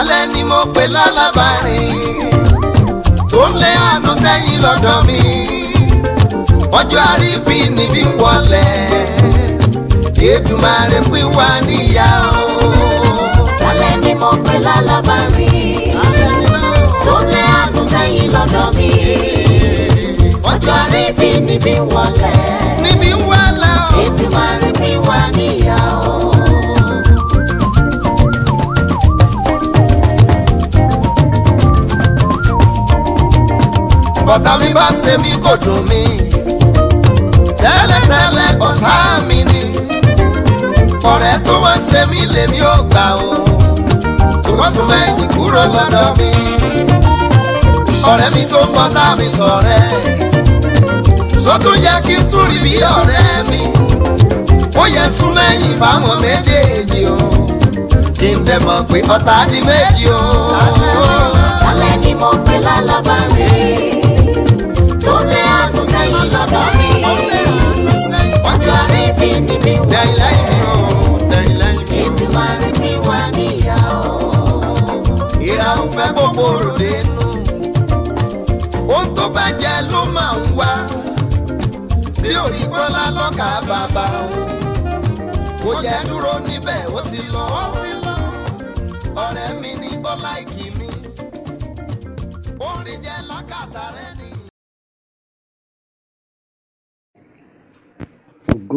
alẹ́ ni mo pè lálábàárín tó ń lé àánú sẹ́yìn lọ́dọ̀ mi ọjọ́ àríbí níbí wọlé Èdùmàrè pín wá níyà o. alẹ́ ni mo pè lálábàárín tó ń lé àánú sẹ́yìn lọ́dọ̀ mi ọjọ́ àríbí níbí wọlé. ṣe mí kò dùn mí. tẹ́lẹ̀tẹ́lẹ̀ ọ̀tá mi ni ọ̀rẹ́ tó wá ṣe mí lèmi ò gbà o tó wọ́n sún mẹ́yìn kúrò lọ́dọ̀ mi. ọ̀rẹ́ mi tó ń bọ́ mi sọ̀rẹ́ sótún yẹ kí n tún rí bí ọ̀rẹ́ mi ó yẹ sún mẹ́yìn fáwọn méjèèjì o kí n dẹ̀ mọ̀ pé ọ̀tá di méjì o. alẹ́ ni mo pè lálábàárà. Daylight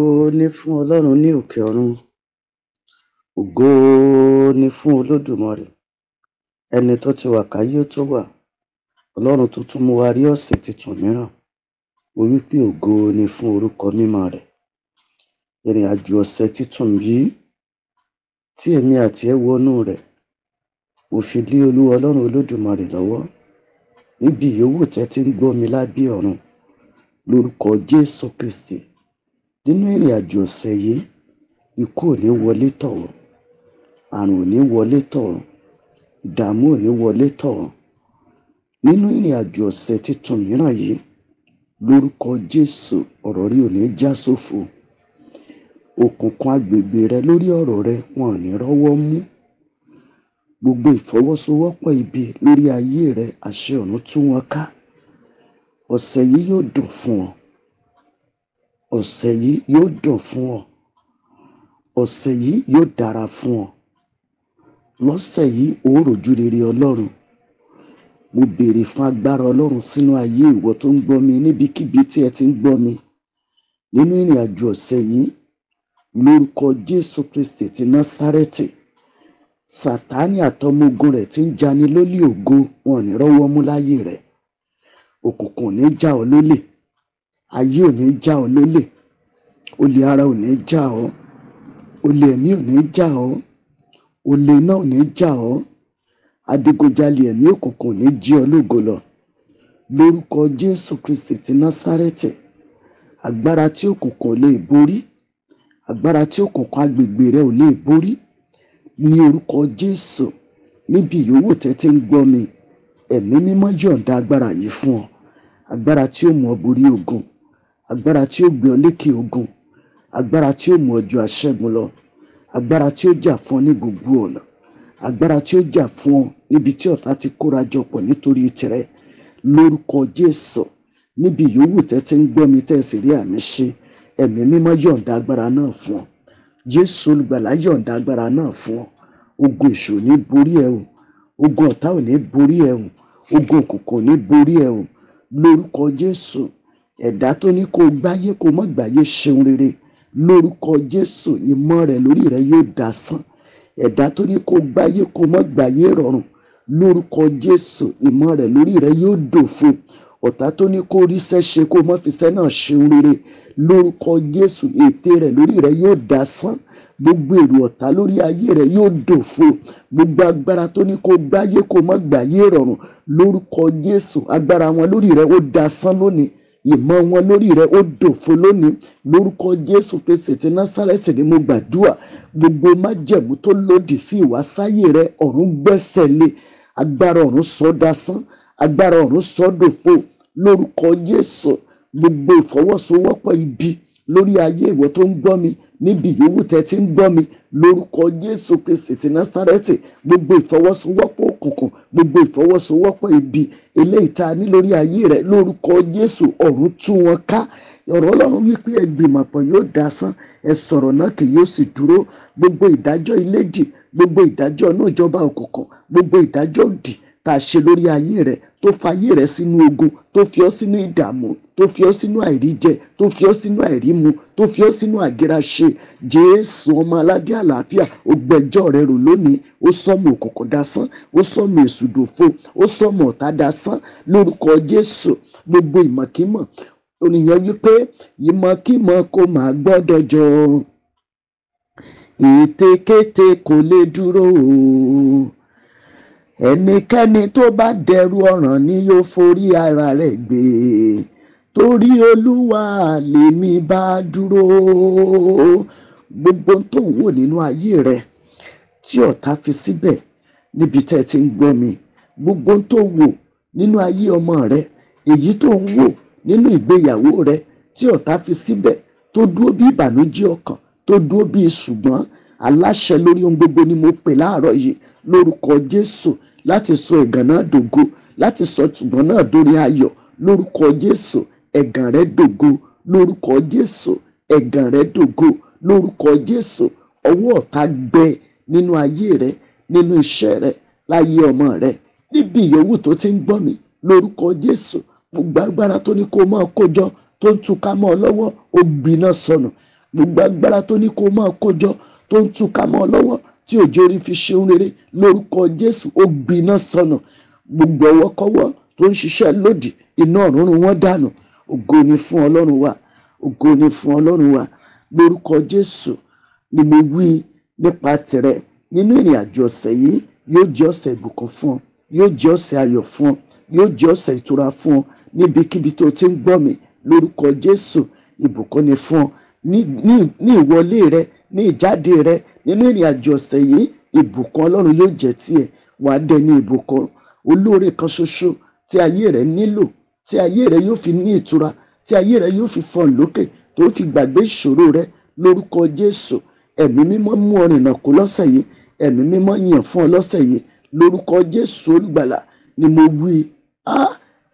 Ògo ni fún Ọlọ́run ní òkè ọ̀run. Ògo ni fún Olódùmarè. Ẹni tó ti wà káyé tó wà. Ọlọ́run tó tún mú wa rí ọ̀sẹ̀ titun mìíràn. Mo wí pé ògo ni fún orúkọ mímọ́ rẹ̀. Ìrìnàjò ọ̀sẹ̀ titun yìí tí èmi àti ẹ wọnú rẹ̀. Mo fi lé Olúwa Ọlọ́run Olódùmarè lọ́wọ́. Níbi ìyówù tẹ́ tí ń gbọ́ mi lábẹ́ ọ̀run. Lórúkọ Jésù Kristi. Nínú ìrìnàjò ọ̀sẹ̀ yìí, ikú ò ní wọlé tọ̀run, àrùn ò ní wọlé tọ̀run, ìdààmú ò ní wọlé tọ̀run. Nínú ìrìnàjò ọ̀sẹ̀ titun mìíràn yìí, lórúkọ Jésù, ọ̀rọ̀ rẹ ò ní já sófo. Òkùnkùn agbègbè rẹ lórí ọ̀rọ̀ rẹ wọn ò ní rọ́wọ́ mú. Gbogbo ìfọwọ́sowọ́pọ̀ ibi lórí ayé rẹ, àṣẹ ọ̀run tú wọn ká. Ọ̀sẹ̀ yìí yóò dùn fún ọ ọ̀sẹ̀ yìí yóò dùn fún ọ ọ̀sẹ̀ yìí yóò dára fún ọ lọ́sẹ̀ yìí ó rojú rere ọlọ́run mo béèrè fún agbára ọlọ́run sínú ayé ìwọ tó ń gbọ́ mi níbikíbi tí ẹ ti ń gbọ́ mi nínú ìrìn àjò ọ̀sẹ̀ yìí lórúkọ jésù kristi ti násárẹ́tì sátánì àtọmọ ogun rẹ̀ ti ń jani lólè ògo wọn ò ní rọ́wọ́ mú láyé rẹ̀ òkùnkùn ní já ọ lólè ayé ò ní já ọ lólè olè ara ò ní já ọ olè ẹ̀mí ò ní já ọ olè iná ò ní já ọ adigunjalè ẹ̀mí òkùnkùn ò ní jí ọ lógo lọ lórúkọ Jésù Kristi ti Násárẹ́tì agbára tí òkùnkùn ò lè borí agbára tí òkùnkùn agbègbè rẹ ò lè borí ní orúkọ Jésù níbi ìyówó tẹ́ ti ń gbọ́ mi ẹ̀mí mímọ́ yọ̀ǹda agbára yìí fún ọ agbára tí ó mú ọ borí ogun agbára tí ó gbé ọ lékè ogun agbára tí ó mú ọ ju aṣẹ́gun lọ agbára tí ó jà fún ọ ní gbogbo ọ̀nà agbára tí ó jà fún ọ níbi tí ọ̀tá ti kóra jọ pọ̀ nítorí tìrẹ lórúkọ Jésù níbi yòówù tẹ́ ti ń gbọ́ mi sì rí àmì ṣe ẹ̀mí mímọ́ yọ̀ǹda agbára náà fún ọ Jésù olùgbàlà yọ̀ǹda agbára náà fún ọ ogun èṣù ní borí ẹ ogun ọ̀tá ò ní borí ẹ ogun òkùnkùn ní borí ẹ lórúkọ Jésù ẹ̀dá tó ní kó gbáyé kó mọ́ gbáyé ṣeun rere lórúkọ Jésù ìmọ̀ rẹ̀ lórí rẹ̀ yóò dasán ẹ̀dá tó ní kó gbáyé kó mọ́ gbáyé rọrùn lórúkọ Jésù ìmọ̀ rẹ̀ lórí rẹ̀ yóò dòfo ọ̀tá tó ní kó ríṣẹ́ ṣe kó mọ́ fiṣẹ́ náà ṣeun rere lórúkọ Jésù ète rẹ̀ lórí rẹ̀ yóò dasán gbogbo èrò ọ̀tá lórí ayé rẹ̀ yóò dòfo gbogbo agbára tó ní kó gbáyé kó mọ́ gbáyé rọrùn lórúkọ Jésù agbára wọn lórí rẹ̀ ó dasán lónìí ìmọ̀ wọn lórí rẹ ó dòfo lónìí lórúkọ jésù kristi ti násàrẹ́tì ni mo gbàdúrà gbogbo májẹ̀mú tó lòdì sí ìwásáyé rẹ ọ̀run gbẹ́sẹ̀ lé agbára ọ̀run sọ dasán agbára ọ̀run sọ lórúkọ jésù gbogbo ìfọwọ́sowọ́pọ̀ ibi lórí ayé ìwọ tó ń gbọ́ mi níbi ìyówù tẹ́ ti ń gbọ́ mi lórúkọ Jésù Kristi ti Násítárẹ́tì gbogbo ìfọwọ́sowọ́pọ̀ òkùnkùn gbogbo ìfọwọ́sowọ́pọ̀ ibi eléyìí tá a ní lórí ayé rẹ lórúkọ Jésù ọ̀run tú wọn ká ọ̀rọ̀ Ọlọ́run wípé ẹ gbìmọ̀pọ̀ yóò dasán ẹ sọ̀rọ̀ náà kì yóò sì dúró gbogbo ìdájọ́ ilédì gbogbo ìdájọ́ inú ìjọba òkùnkùn gbogbo ìdájọ́ òdì tá a ṣe lórí ayé rẹ tó fa ayé rẹ sínú ogun tó fi ọ sínú ìdààmú tó fi ọ sínú àìríjẹ tó fi ọ sínú àìrímu tó fi ọ sínú àgéraṣe jésù ọmọ aládé àlàáfíà ó gbẹ́jọ́ rẹ rò lónìí ó sọmọ òkùnkùn dasán ó sọmọ èsùdòfo ó sọmọ ọ̀tá dasán lórúkọ jésù gbogbo ìmọ̀kímọ̀ olùyẹn wípé ìmọ̀kímọ̀ kò máa gbọ́dọ̀ jọ ètekéte kò lè dúró o ẹnikẹ́ni tó bá dẹrù ọ̀ràn ni yóò forí ara rẹ̀ gbé torí olúwa lèmi bá dúró gbogbo tó ń wò nínú ayé rẹ tí ọ̀tá fi síbẹ̀ níbi tẹ́ ti ń gbọ́ mi gbogbo tó wò nínú ayé ọmọ rẹ èyí tó ń wò nínú ìgbéyàwó rẹ tí ọ̀tá fi síbẹ̀ tó dúró bí ìbànújẹ́ ọkàn tó dúró bí ṣùgbọ́n aláṣẹ lórí ohun gbogbo ni mo pè láàárọ̀ yìí lórúkọ Jésù láti sọ ẹ̀gàn náà dògo láti sọ tùgbọ́n náà dórí ayọ̀ lórúkọ Jésù ẹ̀gàn rẹ dògo lórúkọ Jésù ẹ̀gàn rẹ dògo lórúkọ Jésù ọwọ́ ọ̀tá gbẹ nínú ayé rẹ nínú iṣẹ́ rẹ láyé ọmọ rẹ níbi ìyówù tó ti ń gbọ́ mi lórúkọ Jésù gbogbo agbára tó ní kó máa kójọ tó ń túká mọ́ ọ lọ́wọ́ ó gbiná sọnù gbogbo agbára tó ní kó máa kójọ tó ń túká mọ́ ọ lọ́wọ́ tí òjò orí fi ṣeun rere lórúkọ Jésù ó gbiná sọnà gbogbo ọwọ́kọ́wọ́ tó ń ṣiṣẹ́ lòdì iná ọ̀run wọn dànù ògo ni fún Ọlọ́run wa ògo ni fún Ọlọ́run wa lórúkọ Jésù ni mo wí nípa tìrẹ nínú ìrìn àjò ọ̀sẹ̀ yìí yóò jẹ́ ọ̀sẹ̀ ìbùkún fún ọ yóò jẹ́ ọ̀sẹ̀ ayọ̀ fún ọ yóò jẹ́ ọ̀sẹ̀ ìtura fún ọ níbikíbi tó ti ń gbọ́ mi lórúkọ Jésù ìbùkún ni fún ọ ní ní ní ìwọlé rẹ ní ìjáde rẹ nínú ìrìn àjò ọ̀sẹ̀ yìí ìbùkún ọlọ́run yóò jẹ́ tiẹ̀ wàá dẹni ìbùkún olóore kan ṣoṣo tí ayé rẹ nílò tí ayé rẹ yóò fi ní ìtura tí ayé rẹ yóò fi fọ̀n lókè tó fi gbàgbé ìṣòro rẹ lórúkọ jésù ẹ̀mí mímọ́ mú ọ rìnnà kó lọ́sẹ̀ yìí ẹ̀mí mímọ́ yàn fún ọ lọ́sẹ̀ yìí lórúkọ jésù olùgbàlà ni mo wí á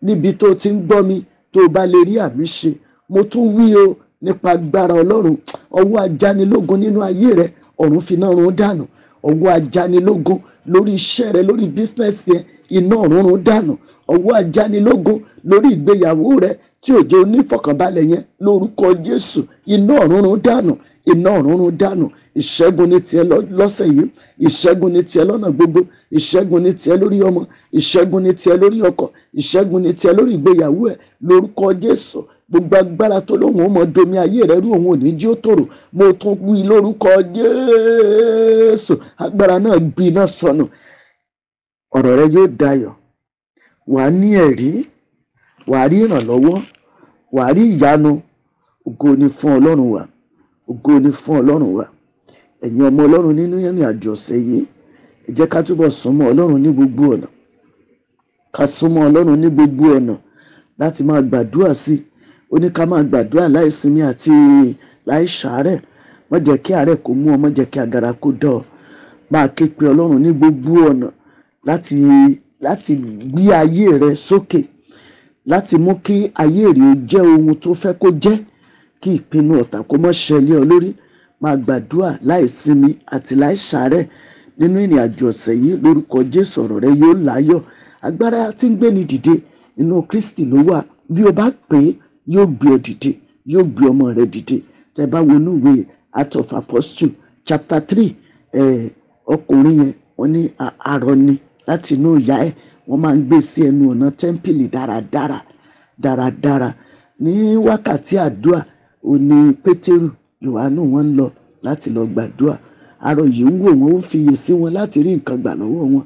níbi tó ti ń gbọ́ mi tó bá lè rí àmì ṣe mo tún wí o nípa agbára ọlọ́run ọwọ́ ajánilógun nínú ayé rẹ ọ̀run fi náà run dànù ọwọ́ ajánilógún lórí iṣẹ́ rẹ lórí bísínẹ́sì yẹn iná ọ̀run run dànù ọwọ́ ajánilógún lórí ìgbéyàwó rẹ tí ò jẹ́ onífọ̀kànbalẹ̀ yẹn lórúkọ Jésù iná ọ̀rúnrún dànù iná ọ̀rúnrún dànù ìṣẹ́gun ní tiẹ̀ lọ́sẹ̀ yìí ìṣẹ́gun ní tiẹ̀ lọ́nà gbogbo ìṣẹ́gun ní tiẹ̀ lórí ọmọ ìṣẹ́gun ní tiẹ̀ lórí ọkọ ìṣẹ́gun ní tiẹ̀ lórí ìgbéyàwó ẹ̀ lórúkọ Jésù gbogbo agbára tó lóhùn ó mọ domi ayé rẹ rú òun ò ní jí ó tòrò mo tún wí lórúkọ Jésù agbára náà gbiná sọnù ọ̀rọ̀ rẹ yóò dayọ̀ wàá ní ẹ̀rí wàá rí ìrànlọ́wọ́ wà á rí ìyanu ògo ni fún ọlọ́run wa ògo ni fún ọlọ́run wa ẹ̀yin ọmọ ọlọ́run nínú ìrìn àjò ọ̀sẹ̀ yìí ẹ jẹ́ ká túbọ̀ súnmọ́ ọlọ́run ní gbogbo ọ̀nà ká súnmọ́ ọlọ́run ní gbogbo ọ̀nà láti máa gbàdúrà sí i ó ní ká máa gbàdúrà láìsinmi àti láìsàárẹ̀ má kí àárẹ̀ kó mú ọ má kí àgàrà kó dọ̀ ọ́ máa ké pe ọlọ́run ní gbogbo ọ̀nà láti láti gbé ayé rẹ sókè. So láti mú kí ayé rè ó jẹ́ ohun tó fẹ́ kó jẹ́ kí ìpinnu ọ̀tá kó mọ́ ṣẹlẹ̀ ọ lórí máa gbàdúrà láìsinmi àti láìsàárẹ̀ nínú ìrìn àjò ọ̀sẹ̀ yìí lórúkọ Jésù ọ̀rọ̀ rẹ yóò láyọ̀ agbára tí ń gbéni dìde inú Kristi ló wà bí o bá pè é yóò gbé ọ dìde yóò gbé ọmọ rẹ dìde tẹ bá wọnú ìwé Acts of Apostles chapter three ọkùnrin yẹn wọ́n ní arọ ni láti inú ìyá ẹ̀ wọ́n máa ń gbé sí ẹnu ọ̀nà tẹ́ḿpìlì dáradára dáradára ní wákàtí àdúà òní pétérù yohanu wọ́n ń lọ láti lọ gbàdúà arọ yìí ń wò wọ́n ó fiyè sí wọn láti rí nǹkan gbà lọ́wọ́ wọn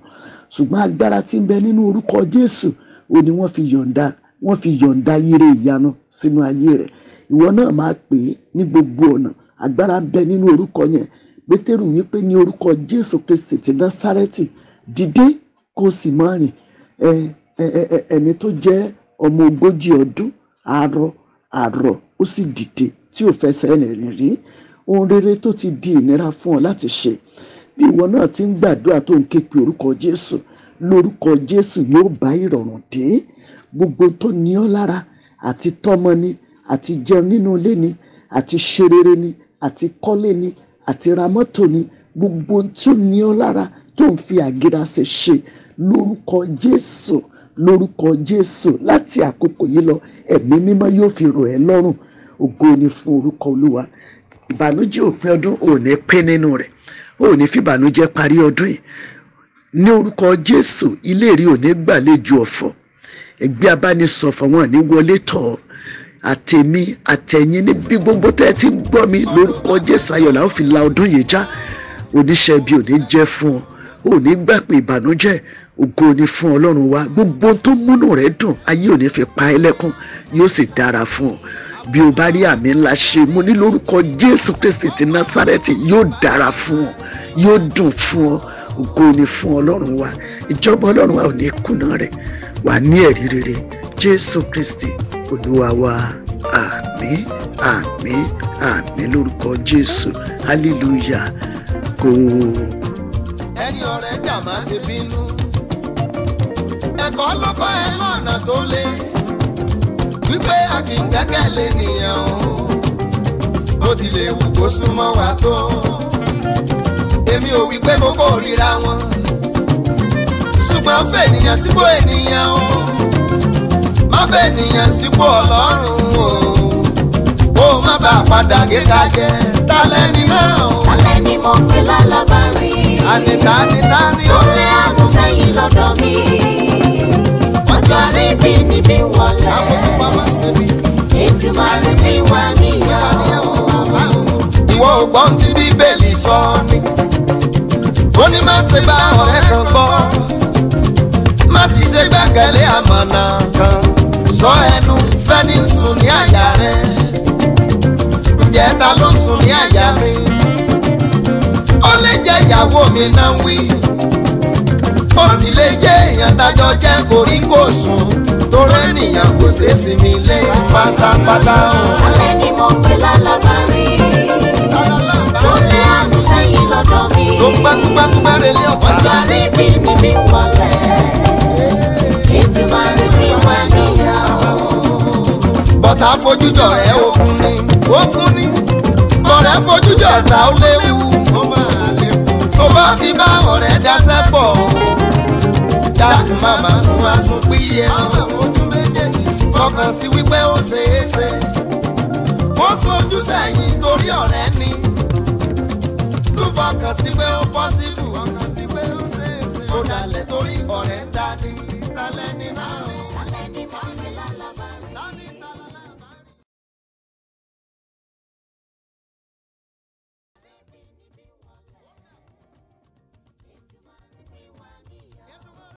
ṣùgbọ́n agbára tí ń bẹ nínú orúkọ jésù ó ní wọ́n fi yọ̀ǹda wọ́n fi yọ̀ǹda ire ìyanu sínú ayé rẹ̀ ìwọ náà máa pè é ní gbogbo ọ̀nà agbára ń bẹ nínú orúkọ yẹn pétérù wípé ní orúkọ jésù kristi ti násárẹ́tì dìde kó o sì máa rìn ẹni tó jẹ́ ọmọ ogójì ọdún arọ àrọ̀ ó sì dìde tí ò fẹsẹ̀ rìn rí ohun rere tó ti di ìnira fún ọ láti ṣe bí ìwọ náà ti ń gbàdúrà tó ń ké pe orúkọ Jésù lórúkọ Jésù yóò bá ìrọ̀rùn dé gbogbo tó ní ọ lára àti tọ́mọ ni àti jẹun nínú ilé ni àti ṣe ni àti kọ́lé ni àti ra mọ́tò ni gbogbo tí ó ní ọ lára tó ń fi àgírasẹ̀ ṣe lórúkọ Jésù lórúkọ Jésù láti àkókò yìí lọ ẹ̀mí mímọ́ yóò fi rọ̀ ẹ́ lọ́rùn ògo ni fún orúkọ Olúwa ìbànújẹ́ òpin ọdún ò ní pín nínú rẹ̀ ò ní fi ìbànújẹ́ parí ọdún yìí ní orúkọ Jésù ilé rí ò ní gbàlejò ọ̀fọ̀ ẹgbẹ́ abánisọ̀fọ̀ wọn ní wọlé tọ̀ ọ́ àtèmi àtẹ̀yìn níbi gbogbo tẹ́ ẹ ti ń gbọ́ mi lórúkọ Jésù ayọ̀lá ó fi la ọdún yìí já oníṣẹ́ ibi ò jẹ́ fún ọ ò gbà pé ìbànújẹ́ ògo ni fún ọlọ́run wa gbogbo tó múnú rẹ̀ dùn ayé ò ní fi pa ẹ́ lẹ́kún yóò sì dára fún ọ bí o bá rí àmì ńlá ṣe mo ní lórúkọ Jésù Kristi ti Násárẹ́tì yóò dára fún ọ yóò dùn fún ọ ògo ni fún ọlọ́run wa ìjọba ọlọ́run wa ò ní kùnà rẹ̀ wà ní ẹ̀rí rere jésù kristi olúwa wa àmín àmín àmín lórúkọ jésù hallelujah kò. ẹni ọ̀rẹ́ dà má bínú ẹ̀kọ́ ló ẹ lọ́nà tó le wípé a kì nìyẹn o bó tilẹ̀ wù kó súnmọ́ wa tó èmi ò wí pé kókó ríra wọn ṣùgbọ́n fènìyàn síbò ènìyàn o bẹ́ẹ̀ nìyẹn sípò ọlọ́run o kó má bàa padà gíga jẹ tálẹ́ni náà o. tálẹ́ni mo pè lálábàárí. tani tani tani. tó lé àánú sẹ́yìn lọ́dọ̀ mi. ọjọ́ rí bí níbí wọlé. àkókò pamọ́ síbi. ìjùmọ̀ rí bí wà níyàwó. ìwọ ò gbọ́n tí bíbélì sọ ni. ó ní má ṣe bá ọ̀rẹ́ kan gbọ́. má sì ṣe gbẹ́kẹ̀lé àmàlà kan sọ ẹnu fẹ́ni sùn ní àyà rẹ̀ ǹjẹ́ ta ló ń sùn ní àyà mi ó lè jẹ́ ìyàwó mi náà ń wí ó sì lè jẹ́ èèyàn tájọ jẹ́ orí kò sùn torí ènìyàn kò ṣeé sinmi lé pátápátá. alẹ́ ni mo pè lálábàá.